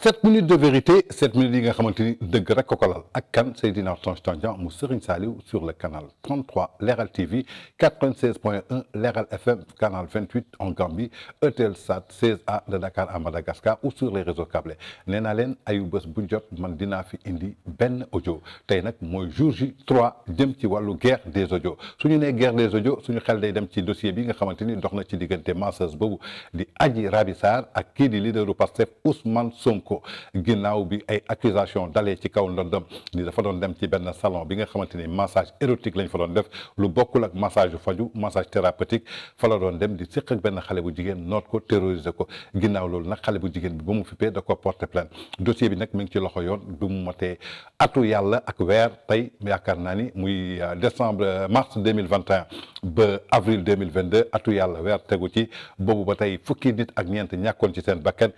sept minutes de vérité sept minutes de nga à ni C'est rek ko ak sur le canal 33 Leral TV 96.1 Leral FM canal 28 en Gambie Eutelsat 16A de Dakar à Madagascar ou sur les réseaux câblés Nenalen, Ayoubos leen Mandinafi indi Ben Ojo. tey Moi, jour J 3 Dem ci guerre des audios su ñu guerre des audios suñu xel day dem ci dossier bi nga xamante ni dox na ci diggante masseuse boobu di Pastef Ousmane Sonko ginnaw bi ay accusation dalee ci kaw ndondam ni dafa doon dem ci ben salon bi nga xamanteni massage érotique lañ fa doon def lu bokul ak massage faju massage thérapeutique fa la doon dem di séq ak ben xalé bu jigen noot ko terroriser ko ginnaw loolu nak xalé bu jigen bi bamu mu da ko porter plainte dossier bi nak mi ngi ci loxo yoon bi mu matee atu yàlla ak wèr tay yaakaar naa ni muy euh, décembre euh, mars 2021 ba avril 2022 atu yalla wèr tegu ci bobu ba tay fukki nit ak ñent ñàkkoon ci sen bakkan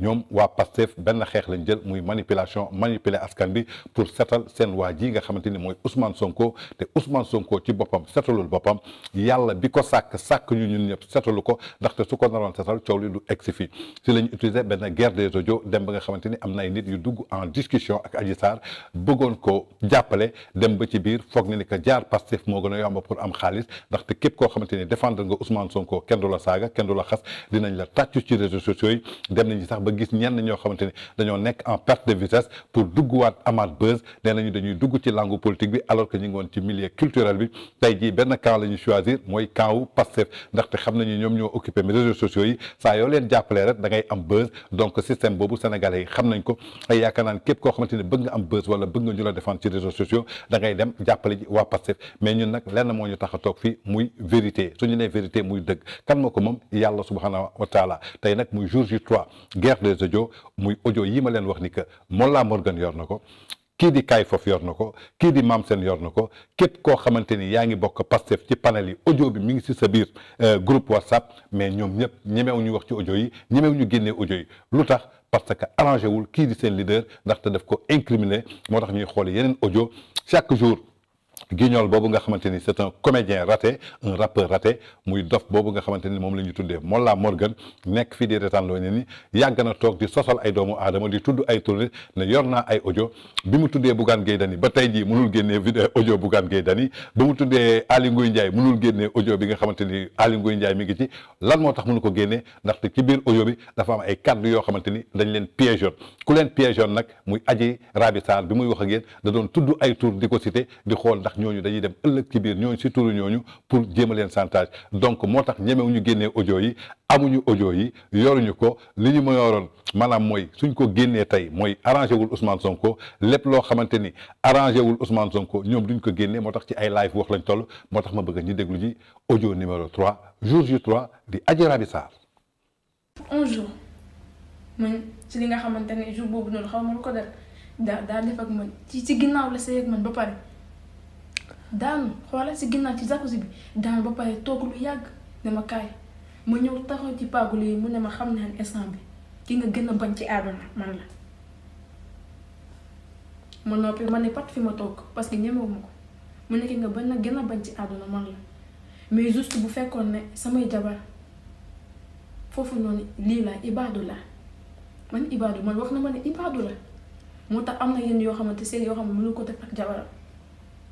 ñom wa Pastef ben xex xeex lañ jël muy manipulation manipuler askan bi pour setal sen waa nga xamanteni moy Ousmane Sonko te Ousmane Sonko ci bopam setalul bopam yalla biko sak sak sàkk ñun ñep setalu ndax ndaxte su ko naroon setal coow li du ex fi ci lañ utiliser ben guerre des audios dem ba nga xamanteni ni am na ay nit yu dugg en discussion ak Adji Sarr bëggoon ko jappalé dem ba ci biir foog na ni que jaar Pastef mo gëna a yomb pour am xaalis ndaxte képp koo xamante ni défendre nga Ousmane Sonko kenn du la saaga kenn du la xas dinañ la tàccu ci réseaux sociaux dem nañ sax ba gis ñen ñoo xamante xamante ni dañoo nekk en perte de vitesse pour dugguwaat amaat buzz nee nañu dañuy dugg ci langue politique bi alors que ñu ngi woon ci milieu culturel bi tey jii benn camp la ñu choisir mooy camp wu Pastef ndaxte xam nañu ñoom ñoo occupé réseaux sociaux yi saa yoo leen jàppalee rek da ngay am buzz donc système boobu sénégalais yi xam nañ ko ay yaakaar naan képp koo xamante ni bëgg nga am buzz wala bëgg nga ñu la défendre ci réseaux sociaux da ngay dem jàppale ji waa Pastef mais ñun nag lenn moo ñu tax a toog fii muy vérité suñu nee vérité muy dëgg kan moo ko moom yàlla subhanahu wa taala tey nag muy jour J3 guerre des audios muy audio ma leen wax ni que Mollah Morgan yor na ko kii di Kay Fof yor na ko kii di Maam seen yor na ko képp koo xamante ni yaa ngi bokk Pastef ci panel yi ojo bi mu ngi si sa biir euh, groupe WhatsApp mais ñoom ñëpp ñemew ñu wax ci audio yi ñemew ñu génnee audio yi lu tax parce que arrangé wul kii di seen leader ndaxte def ko incriminer moo tax ñuy xool yeneen ojo chaque jour guignol boobu nga xamante ni c'est un comédien raté un rappeur raté muy dof boobu nga xamante ni moom la ñu tuddee Molla Morgan nekk fii di retaan loo ne ni yàgg na toog di sosal ay doomu aadama di tudd ay tourné ne yor naa ay audio bi mu tuddee Bougane Gueye Dany ba tey jii mënul génnee vidéo euh, audio Bougane Gueye Dany ba mu tuddee Aly Ngouille Ndiaye mënul génnee audio bi nga xamante ni Aly Ngouille mi ngi ci lan moo tax mënu ko génnee ndaxte ci biir audio bi dafa ay kàddu yoo xamante ni dañ leen piégé ku leen piégé nag muy Adji Raby Sarr bi muy wax ak yéen da tudd ay tour di ko cité di xool ndax ñooñu dañuy dem ëllëg ci biir ñooñu si turu ñooñu pour jéem a leen chantage donc moo tax ñemewuñu génnee audio yi amuñu audio yi yoruñu ko li ñu ma yoroon maanaam mooy suñ ko génnee tey mooy arrangé wul Ousmane Sonko lépp loo xamante ni arrangé wul Ousmane Sonko ñoom duñ ko génnee moo tax ci ay live wax lañ toll moo tax ma bëgg ñu déglu ji audio numéro 3 jour ju 3 di Adji Raby Sarr. un jour man ci li nga xamante ne jour boobu noonu xaw ma ko def daa daa def ak man ci ci ginnaaw la sëy ak man ba pare. daanu xoola si ginnaaw ci jacuzzi bi daanu ba pare toog lu yàgg ne ma ñëw taxaw ci paagul yi mu ne ma xam naa ne instant bi ki nga gën a bañ ci àdduna man la ma noppi ne pat fi ma toog parce que ñemewuma ko mu nekk nga bañ na gën a bañ ci àdduna man mais juste bu fekkoon ne samay jabar foofu ni lii la ibaadu la man ibaadu man wax na ma ne ibaadu la moo tax am na yenn yoo xamante seen yoo xam ne ko def ak jabaram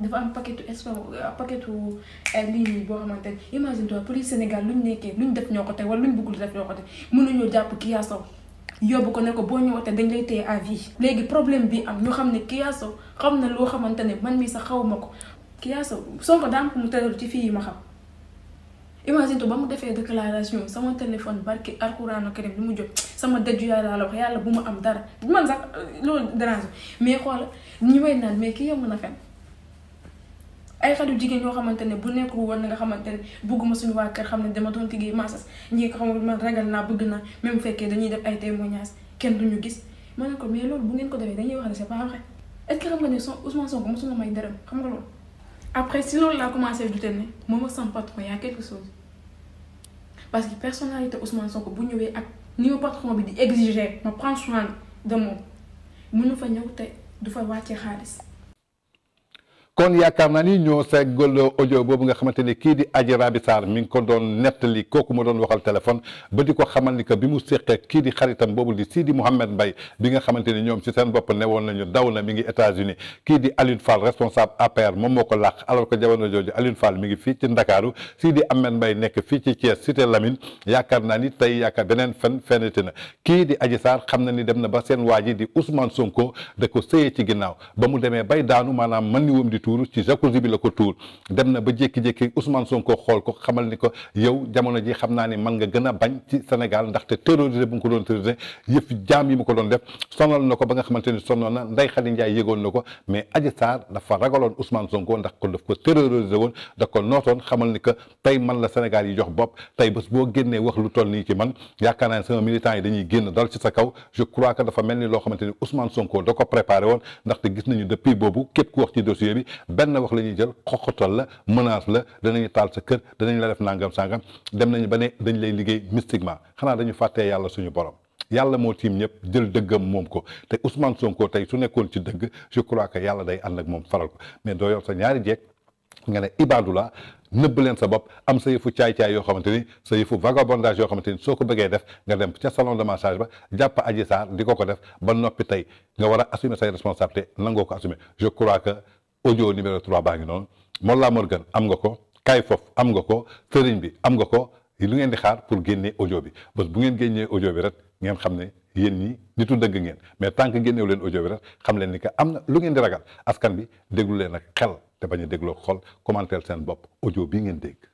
dafa am paquetu espoir euh, paquetu euh, lii nii boo xamante ne imagine toi police Sénégal luñ nekkee luñ def ñoo ko tey wala luñ bëggul def ñoo ko tey mënuñoo jàpp Kya Sow yóbbu ko ne ko boo ñëwatee dañ lay tey à vie. léegi problème bi am ñu xam ne Kya xam na loo xamante ne man mii sax xaw ma ko Kya Sow Sonko daa am ko mu tëral ci fii yi ma xam imagine ba mu defee déclaration sama téléphone barki alxuraanu karim lu mu jot sama dëju yàlla la wax yàlla bu mu am dara man sax euh, loolu dérange mais xoolal ñu may naan mais kii yow mën a fen ay xale jigéen yoo xamante ne bu nekkul woon nga xamante ne bëgguma suñu waa kër xam ne dama doon liggéey maasas ñi ko xam man ragal naa bëgg naa même bu fekkee dañuy def ay témoignages kenn duñu gis ma ne ko mais loolu bu ngeen ko defee dañuy wax ne c'est pas vrai est-ce que xam nga ne son Ousmane Sonko mosul na may dërëm xam nga loolu. après si loolu laa commencé douter ne moom ak sama patron y a quelque chose parce que personnalité Ousmane Sonko bu ñëwee ak ni ma patron bi di exiger ma prendre soin de moom mënu fa ñëw te du fa wàccee xaalis. kon yaakaar naa ni ñoo seggal audio boobu nga xamante ni kii di Adji Raby Sarr mi ngi ko doon nettali kooku ma doon waxal téléphone ba di ko xamal ni que bi mu séqee kii di xaritam boobu di Sidi Mouhamed Mbaye ñoom ci seen bopp ne woon na mi ngi États-Unis kii di Alioune Fall responsable APR moom moo ko làq alors que jamono jooju Alioune Fall mi ngi fii ci Ndakaaru Sidi Ahmed Mbaye nekk fii ci Thiès cité Lamine yaakaar naa ni tey yaakaar beneen fen fenete na kii di Adji Sarr xam na ni dem na ba seen waa ji di Ousmane Sonko da ko sëyee ci ginnaaw ba mu demee bay daanu maanaam mën ni wum di tuur ci jacuzzi bi la ko tuur dem na ba jékki-jékki Ousmane Sonko xool ko xamal ni ko yow jamono ji xam naa ni man nga gën a bañ ci Sénégal ndaxte terrorisé bu ko doon terrorisé yëf jaam yi mu ko doon def sonal na ko ba nga xamante ni sonnoon na Ndeye Khady Ndiaye yëgoon na ko mais Adji Sarr dafa ndax ko daf ko terrorisé woon daf ko nootoon xamal ni que tey man la Sénégal yi jox bopp tey bés boo génnee wax lu toll nii ci man yaakaar naa ne sama militants yi dañuy génn dal ci sa kaw je crois que dafa mel ni loo xamante ni Ousmane Sonko da ko préparé woon ndaxte gis nañu depuis benn wax la ñuy jël xoxotal la menace la danañu taal sa kër danañ la def nangam sangam dem nañu ba ne dañ lay liggéey mystiquement xanaa dañu fàttee yàlla suñu borom yàlla moo tiim ñëpp jël dëggam moom ko te Ousmane Sonko tey su nekkoon ci dëgg je crois yàlla day ànd ak moom faral ko mais doo yor sa ñaari jeeg nga ne ibaadu la nëbb leen sa bopp am sa yëfu caay-caay yoo xamante ni sa yëfu vagabondage yoo xamante ni soo ko bëggee def nga dem ca salon de massage ba jàpp Adji Sarr di ko def ba noppi tey nga war a assumer say responsabilité nangoo ko assumer je crois que ojo numéro 3 baa ngi noonu Molla Morgan am nga ko Kay Fof am nga ko sëriñ bi am nga ko lu ngeen di xaar pour génnee audio bi bés bu ngeen génnee audio bi rek ngeen xam ne yéen ñi nitu dëgg ngeen mais tant que génneew leen audio bi rek xam leen ni que am na lu ngeen di ragal askan bi déglu leen ak xel te bañ a dégloo xol commentaire seen bopp audio bii ngeen dégg